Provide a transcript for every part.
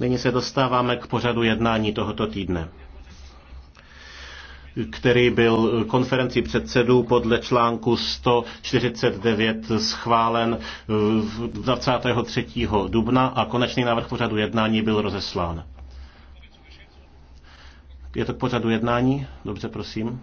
Nyní se dostáváme k pořadu jednání tohoto týdne který byl konferenci předsedů podle článku 149 schválen 23. Eh, dubna a konečný návrh pořadu jednání byl rozeslán. Je to k pořadu jednání? Dobře, prosím.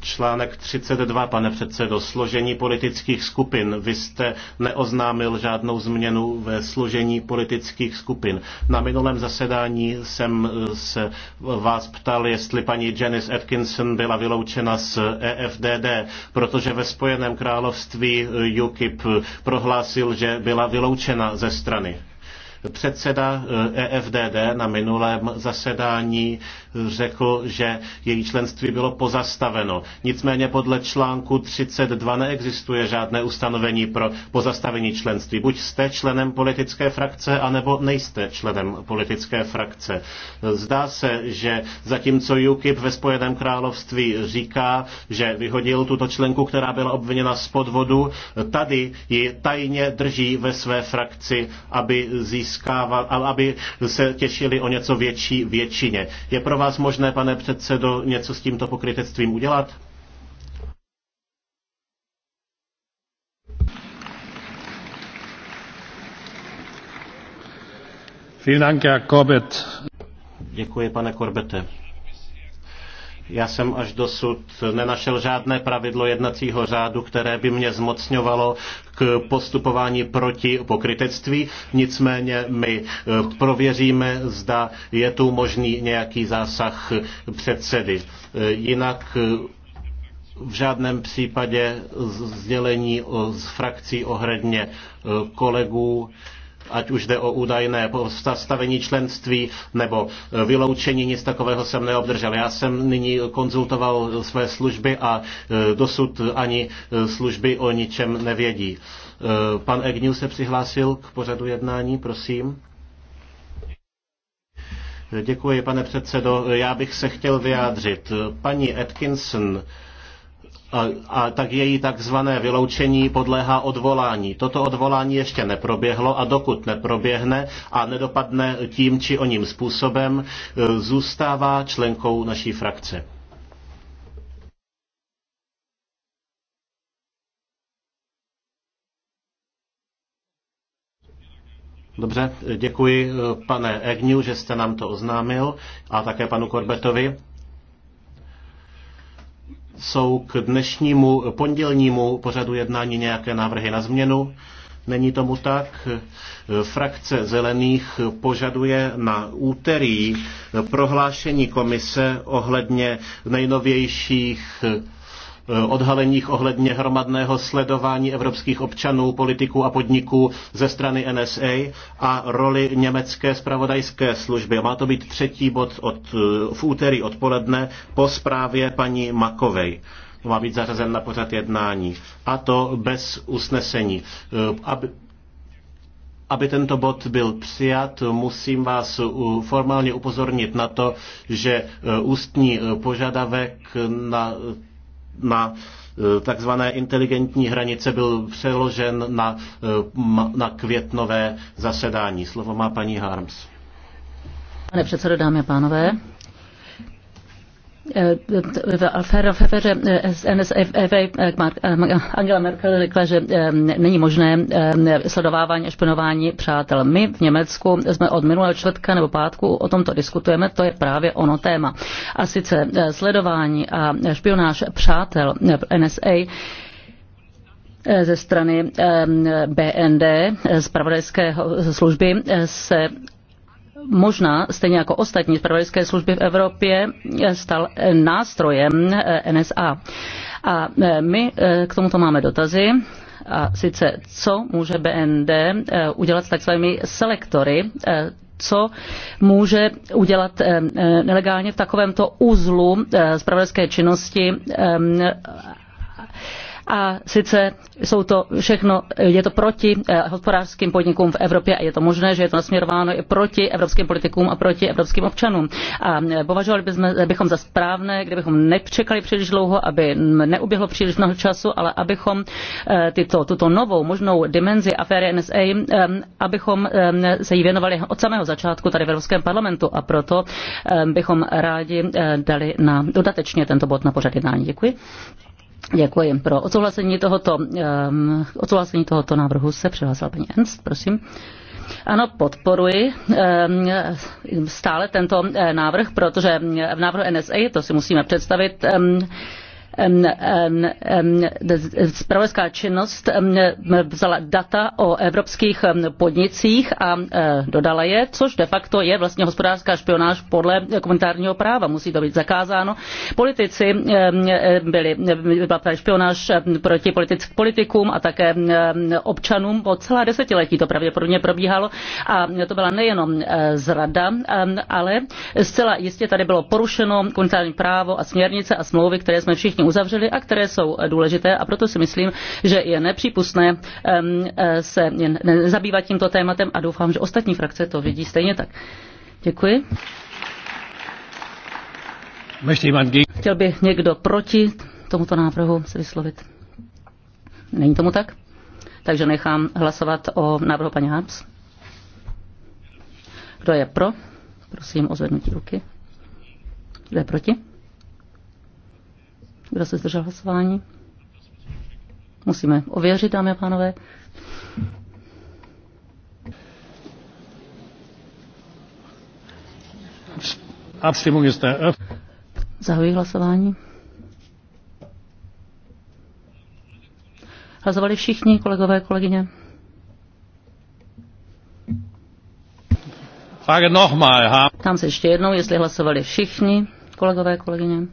Článek 32, pane předsedo, složení politických skupin. Vy jste neoznámil žádnou změnu ve složení politických skupin. Na minulém zasedání jsem eh, se vás ptal, jestli paní Janice Atkinson byla vyloučena z EFDD, protože ve Spojeném království eh, UKIP eh, prohlásil, že byla vyloučena ze strany. Předseda EFDD eh, e na minulém zasedání řekl, že její členství bylo pozastaveno. Nicméně podle článku 32 neexistuje žádné ustanovení pro pozastavení členství. Buď jste členem politické frakce, anebo nejste členem politické frakce. Zdá se, že zatímco UKIP ve Spojeném království říká, že vyhodil tuto členku, která byla obviněna z podvodu, tady ji tajně drží ve své frakci, aby získal ale aby se těšili o něco větší většině. Je pro vás možné, pane předsedo, něco s tímto pokrytectvím udělat? Děkuji, pane Korbete. Já jsem až dosud nenašel žádné pravidlo jednacího řádu, které by mě zmocňovalo k postupování proti pokrytectví. Nicméně my eh, prověříme, zda je tu možný nějaký zásah předsedy. Eh, jinak eh, v žádném případě sdělení z frakcí ohledně kolegů ať už jde o údajné zastavení členství nebo e, vyloučení, nic takového jsem neobdržel. Já jsem nyní konzultoval své služby a e, dosud ani e, služby o ničem nevědí. Pan Egnil se přihlásil k pořadu jednání, prosím. Děkuji, pane předsedo. Já bych se chtěl vyjádřit. Paní Atkinson a, tak její takzvané vyloučení podléhá odvolání. Toto odvolání ještě neproběhlo a dokud neproběhne a nedopadne tím či oním způsobem, e, zůstává členkou naší frakce. Dobře, děkuji e, pane Egniu, že jste nám to oznámil a také panu Korbetovi. Jsou k dnešnímu pondělnímu pořadu jednání nějaké návrhy na změnu? Není tomu tak. Frakce zelených požaduje na úterý prohlášení komise ohledně nejnovějších Eh, odhaleních ohledně hromadného sledování evropských občanů, politiků a podniků ze strany NSA a roli německé spravodajské služby. Má to být třetí bod od, eh, v úterý odpoledne po zprávě paní Makovej má být zařazen na pořad jednání. A to bez usnesení. Eh, aby, aby tento bod byl přijat, musím vás formálně upozornit na to, že ústní požadavek na na eh, takzvané inteligentní hranice byl přeložen na, eh, na květnové zasedání. Slovo má paní Harms. Pane předsedo, dámy a pánové, aféře eh, eh, eh, Angela Merkel řekla, že není možné sledovávání a šponování přátel. My v Německu jsme od minulého čtvrtka nebo pátku o tomto diskutujeme, to je právě ono téma. A sice sledování a špionáž přátel NSA ze strany BND, z zpravodajské služby, se možná, stejně jako ostatní zpravodajské služby v Evropě, stal nástrojem eh, NSA. A eh, my eh, k tomuto máme dotazy. A sice, co může BND udělat s takzvanými selektory, co může udělat nelegálně v takovémto uzlu zpravodajské činnosti a sice jsou to všechno, je to proti eh, hospodářským podnikům v Evropě a je to možné, že je to nasměrováno i proti evropským politikům a proti evropským občanům. A eh, považovali bychom za správné, kdybychom nečekali příliš dlouho, aby neuběhlo příliš mnoho času, ale abychom eh, tyto, tuto novou možnou dimenzi aféry NSA, abychom se jí věnovali od samého začátku tady v Evropském parlamentu a proto bychom rádi dali na dodatečně tento bod na pořad jednání. Děkuji. Děkuji. Pro odsouhlasení tohoto, um, odsouhlasení tohoto návrhu se přihlásila paní Ernst, prosím. Ano, podporuji um, stále tento eh, návrh, protože v návrhu NSA, to si musíme představit, um, spravodajská činnost vzala data o evropských podnicích a e, dodala je, což de facto je vlastně hospodářská špionáž podle komunitárního práva. Musí to být zakázáno. Politici e, byli, byla tady špionáž proti politick, politikům a také občanům po celá desetiletí to pravděpodobně probíhalo a to byla nejenom e, zrada, ale zcela jistě tady bylo porušeno komunitární právo a směrnice a smlouvy, které jsme všichni vlastně uzavřely a které jsou eh, důležité a proto si myslím, že je nepřípustné eh, se zabývat tímto tématem a doufám, že ostatní frakce to vidí stejně tak. Děkuji. Chtěl by někdo proti tomuto návrhu se vyslovit? Není tomu tak? Takže nechám hlasovat o návrhu paní Harms. Kdo je pro? Prosím o zvednutí ruky. Kdo je proti? Kdo se zdržel hlasování? Musíme ověřit, dámy a pánové. Abstimmung hlasování. Hlasovali všichni kolegové, kolegyně. Tam se ještě jednou, jestli hlasovali všichni kolegové, kolegyně.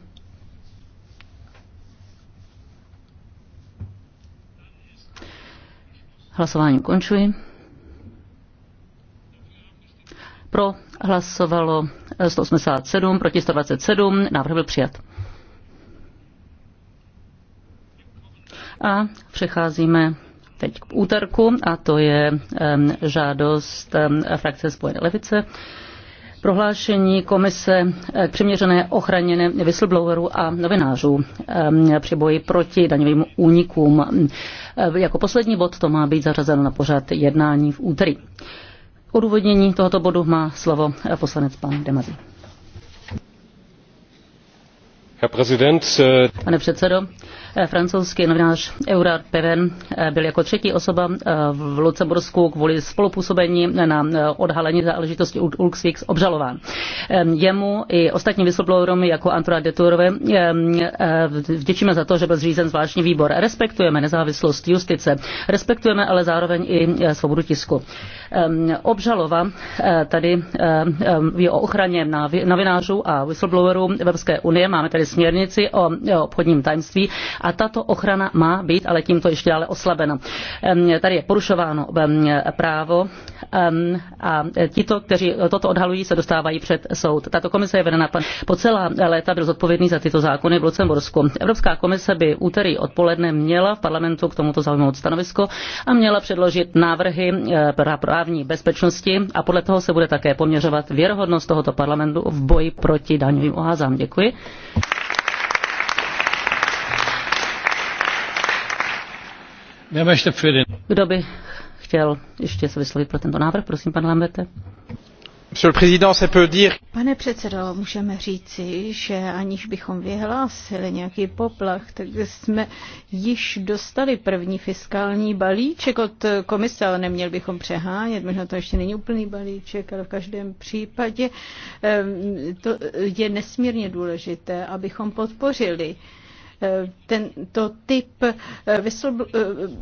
Hlasování končuji. Pro hlasovalo 187, eh, proti 127, návrh byl přijat. A přecházíme teď k úterku, a to je žádost frakce Spojené levice prohlášení komise eh, k přiměřené ochraně whistleblowerů a novinářů při boji proti daňovým únikům. Eh, jako poslední bod to má být zařazeno na pořad jednání v úterý. Odůvodnění tohoto bodu má slovo eh, poslanec pan Demazi. Äh, Pane předsedo, eh, francouzský novinář Eurard Peven eh, byl jako třetí osoba eh, v Lucembursku kvůli spolupůsobení na odhalení záležitosti Ulksvix obžalován. Jemu i ostatním whistleblowerům jako Antoine de vděčíme za to, že byl zřízen zvláštní výbor. Respektujeme nezávislost justice, respektujeme ale zároveň i svobodu tisku. Obžalova eh, tady je o ochraně novinářů a whistleblowerů Evropské unie. Máme tady směrnici o obchodním tajemství a tato ochrana má být ale tímto ještě dále oslabena. Tady je porušováno právo a tito, kteří toto odhalují, se dostávají před soud. Tato komise je vedena po celá léta byl zodpovědný za tyto zákony v Lucembursku. Evropská komise by úterý odpoledne měla v parlamentu k tomuto zaujmout stanovisko a měla předložit návrhy eh, právní bezpečnosti a podle toho se bude také poměřovat věrohodnost tohoto parlamentu v boji proti daňovým oházám. Děkuji. Kdo by chtěl ještě se vyslovit pro tento návrh? Prosím, pan Lamberte. Pane předsedo, můžeme říci, že aniž bychom vyhlásili nějaký poplach, tak jsme již dostali první fiskální balíček od komise, ale neměli bychom přehánět. Možná to ještě není úplný balíček, ale v každém případě ehm, to je nesmírně důležité, abychom podpořili tento typ eh, eh,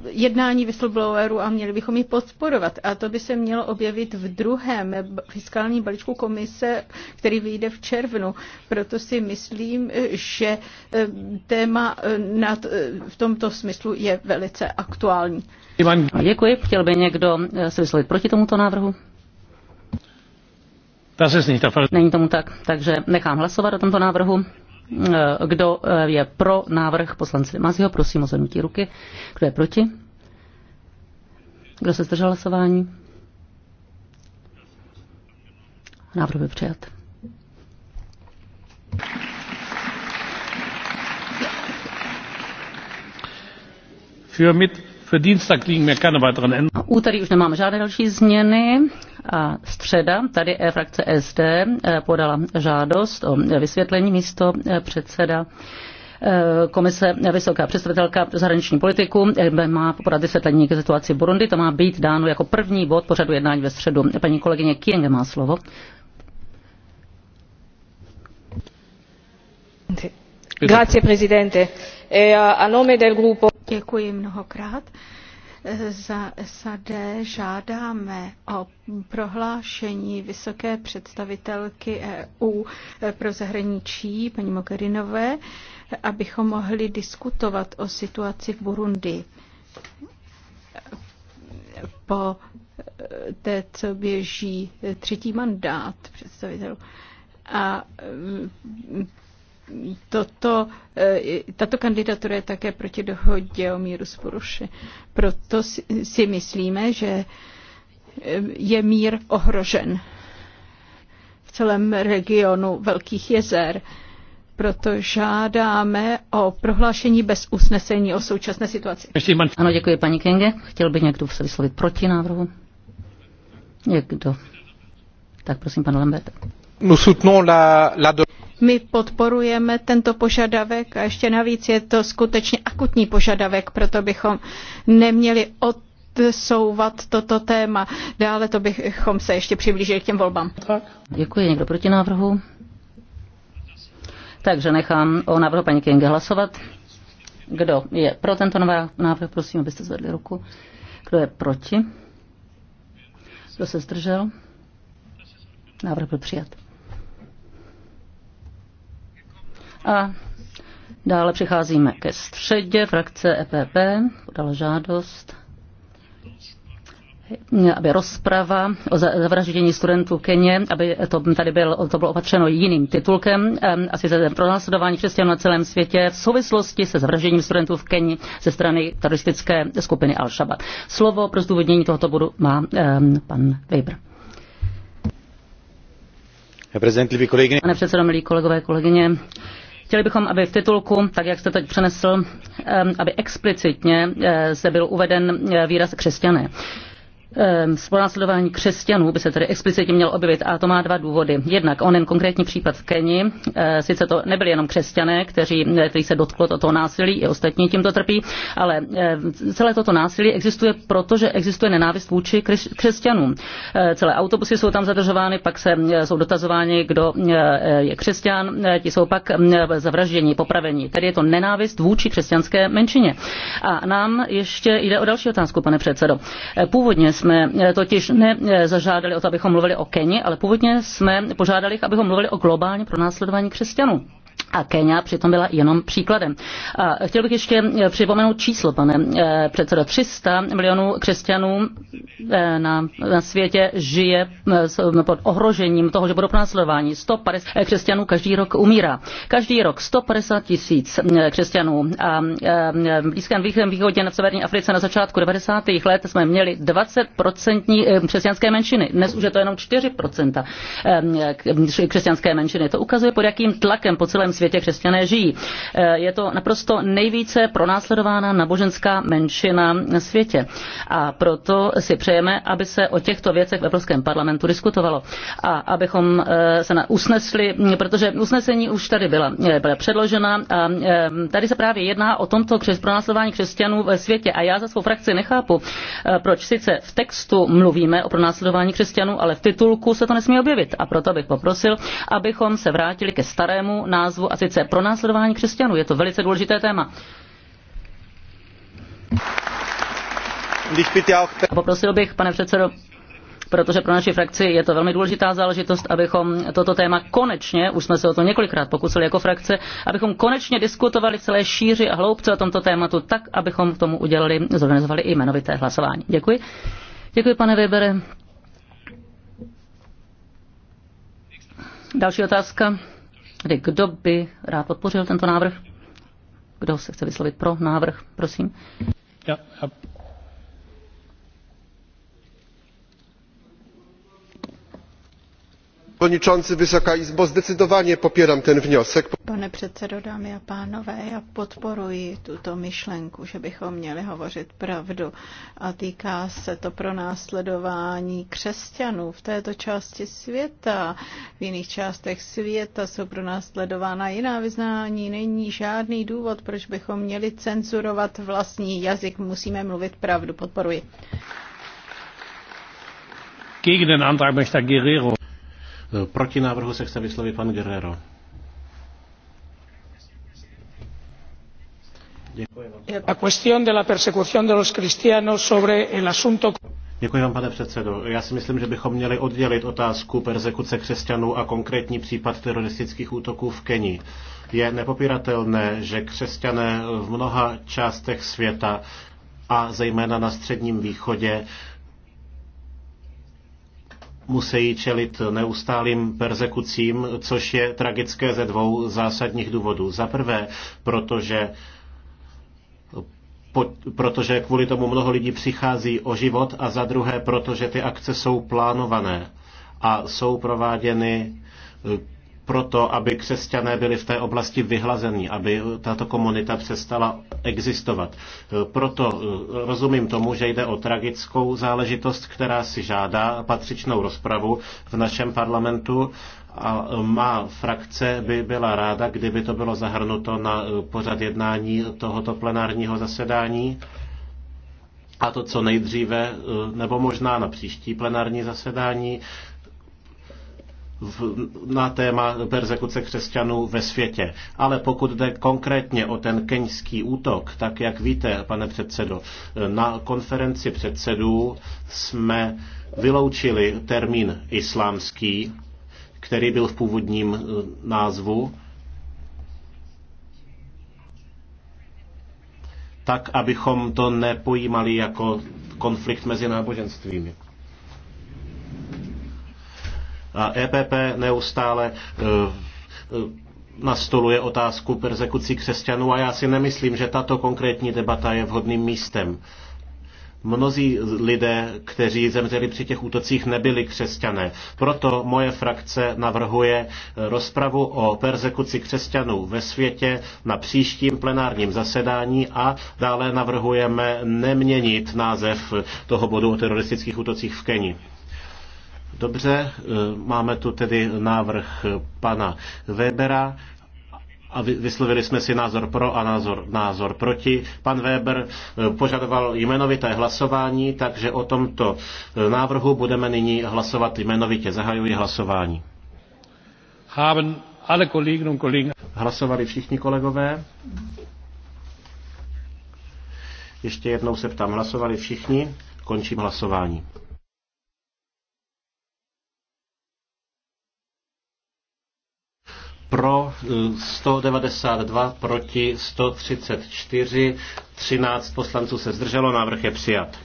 jednání whistleblowerů a měli bychom ji podporovat. A to by se mělo objevit v druhém fiskálním balíčku komise, který vyjde v červnu. Proto si myslím, že eh, téma nad, v tomto smyslu je velice aktuální. Děkuji. Chtěl by někdo se vyslovit proti tomuto návrhu? Není tomu tak, takže nechám hlasovat o tomto návrhu. Eh, kdo eh, je pro návrh poslance Maziho, prosím o zvednutí ruky. Kdo je proti? Kdo se zdržel hlasování? Návrh byl přijat. Für mit Für Dienstag liegen mir keine weiteren Änderungen. Úterý už nemáme žádné další změny. A středa, tady e frakce SD eh, podala žádost o vysvětlení místo eh, předseda eh, komise Vysoká představitelka zahraniční politiku má podat vysvětlení k situaci Burundi. To má být dáno jako první bod pořadu jednání ve středu. Paní kolegyně Kienge má slovo. Grazie, Presidente. E, a nome del gruppo... Děkuji mnohokrát. Za SAD žádáme o prohlášení vysoké představitelky EU pro zahraničí, paní Mogherinové, abychom mohli diskutovat o situaci v Burundi. Po té, co běží třetí mandát představitelů. A toto, e, tato kandidatura je také proti dohodě o míru s Poruši. Proto si myslíme, že e, je mír ohrožen v celém regionu Velkých jezer. Proto žádáme o prohlášení bez usnesení o současné situaci. Ano, děkuji paní Kenge. Chtěl by někdo se vyslovit proti návrhu? Někdo? Tak prosím, pan Lambert. Nous soutenons la, la... My podporujeme tento požadavek a ještě navíc je to skutečně akutní požadavek, proto bychom neměli od souvat toto téma. Dále to bychom se ještě přiblížili k těm volbám. Děkuji. Někdo proti návrhu? Takže nechám o návrhu paní Kinge hlasovat. Kdo je pro tento nový návrh, prosím, abyste zvedli ruku. Kdo je proti? Kdo se zdržel? Návrh byl přijat. A dále přicházíme ke středě. Frakce EPP podala žádost aby rozprava o zavraždění studentů v Keně, aby to tady byl, to bylo opatřeno jiným titulkem, asi za pronásledování křesťanů na celém světě v souvislosti se zavražděním studentů v Keni ze strany teroristické skupiny Al-Shabaab. Slovo pro zdůvodnění tohoto bodu má um, pan Weber. Pane předsedo, milí kolegové, kolegyně, Chtěli bychom, aby v titulku, tak jak jste teď přenesl, aby explicitně se eh, byl uveden eh, výraz křesťané. Ehm, pronásledování křesťanů by se tedy explicitně měl objevit a to má dva důvody. Jednak onen konkrétní případ v Keni, eh, sice to nebyli jenom křesťané, kteří, eh, kteří se dotklo toto násilí, i ostatní tímto trpí, ale eh, celé toto násilí existuje proto, že existuje nenávist vůči křesťanům. Celé autobusy jsou tam zadržovány, pak se, jsou dotazováni, kdo je křesťan, ti jsou pak mm, zavražděni, popraveni. Tedy je to nenávist vůči křesťanské menšině. A nám ještě jde o další otázku, pane předsedo. Původně jsme eh, totiž nezažádali eh, o to, abychom mluvili o Keni, ale původně jsme požádali, abychom mluvili o globálně pronásledování křesťanů a Kenia přitom byla jenom příkladem. A chtěl bych ještě eh, připomenout číslo, pane eh, předsedo. 300 milionů křesťanů eh, na, na světě žije pod ohrožením toho, že budou pronásledování. 150 křesťanů každý rok umírá. Každý rok 150 tisíc křesťanů. A v Blízkém východě na severní Africe na začátku 90. let jsme měli 20% křesťanské menšiny. Dnes už je to jenom 4% křesťanské menšiny. To ukazuje, pod jakým tlakem po celém celém světě křesťané žijí. Eh, je to naprosto nejvíce pronásledována náboženská menšina na světě. A proto si přejeme, aby se o těchto věcech v Evropském parlamentu diskutovalo a abychom eh, se usnesli, hm, protože usnesení už tady byla, eh, byla předložena a tady se právě jedná o tomto křes, pronásledování křesťanů ve světě a já za svou frakci nechápu, proč sice v textu mluvíme o pronásledování křesťanů, ale v titulku se to nesmí objevit a proto bych poprosil, abychom se vrátili ke starému názvu názvu, a sice pro následování křesťanů. Je to velice důležité téma. A poprosil bych, pane předsedo, protože pro naši frakci je to velmi důležitá záležitost, abychom toto téma konečně, už jsme se o to několikrát pokusili jako frakce, abychom konečně diskutovali celé šíři a hloubce o tomto tématu tak, abychom k tomu udělali, zorganizovali i jmenovité hlasování. Děkuji. Děkuji, pane Webere. Další otázka. Tedy kdo by rád podpořil tento návrh? Kdo se chce vyslovit pro návrh, prosím? já przewodniczący! wysoka izbo! zdecydowanie popieram ten wniosek. pane předsedo dámy a pánové já podporuji tuto myšlenku že bychom měli hovořit pravdu a týká se to pronásledování křesťanů v této části světa. v jiných částech světa jsou pronásledována jiná vyznání. není žádný důvod proč bychom měli cenzurovat vlastní jazyk. musíme mluvit pravdu. podporuji. Gegen den Antrag möchte Herr Guerrero Eh, proti návrhu se chce vyslovit pan Guerrero. la persecución de los cristianos sobre el asunto. Děkuji vám, pane předsedo. Já si myslím, že bychom měli oddělit otázku persekuce křesťanů a konkrétní případ teroristických útoků v Kenii. Je nepopiratelné, že křesťané v mnoha částech světa a zejména na Středním východě musí čelit neustálým persekucím, což je tragické ze dvou zásadních důvodů. Za prvé, protože protože kvůli tomu mnoho lidí přichází o život a za druhé, protože ty akce jsou plánované a jsou prováděny proto, aby křesťané byli v té oblasti vyhlazení, aby tato komunita přestala existovat. Proto eh, rozumím tomu, že jde o tragickou záležitost, která si žádá patřičnou rozpravu v našem parlamentu a má frakce by byla ráda, kdyby to bylo zahrnuto na eh, pořad jednání tohoto plenárního zasedání a to co nejdříve, eh, nebo možná na příští plenární zasedání, v, na téma persekuce křesťanů ve světě. Ale pokud jde konkrétně o ten keňský útok, tak jak víte, pane předsedo, na konferenci předsedů jsme vyloučili termín islámský, který byl v původním eh, názvu, tak, abychom to nepojímali jako konflikt mezi náboženstvími. A EPP neustále e, e, nastoluje otázku persekucí křesťanů a já si nemyslím, že tato konkrétní debata je vhodným místem. Mnozí lidé, kteří zemřeli při těch útocích, nebyli křesťané. Proto moje frakce navrhuje e, rozpravu o persekuci křesťanů ve světě na příštím plenárním zasedání a dále navrhujeme neměnit název toho bodu o teroristických útocích v Keni. Dobře, eh, máme tu tedy návrh pana Webera a vyslovili jsme si názor pro a názor, názor proti. Pan Weber eh, požadoval jmenovité hlasování, takže o tomto eh, návrhu budeme nyní hlasovat jmenovitě. Zahajuji hlasování. Haben alle Kolleginnen und Kollegen. Hlasovali všichni kolegové? Ještě jednou se ptám, hlasovali všichni? Končím hlasování. pro 192, eh, proti 134, 13 poslanců se zdrželo, návrh je přijat.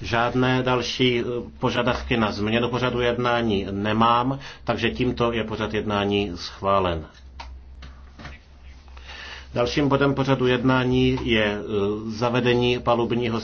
Žádné další eh, požadavky na změnu pořadu jednání nemám, takže tímto je pořad jednání schválen. Dalším bodem pořadu jednání je eh, zavedení palubního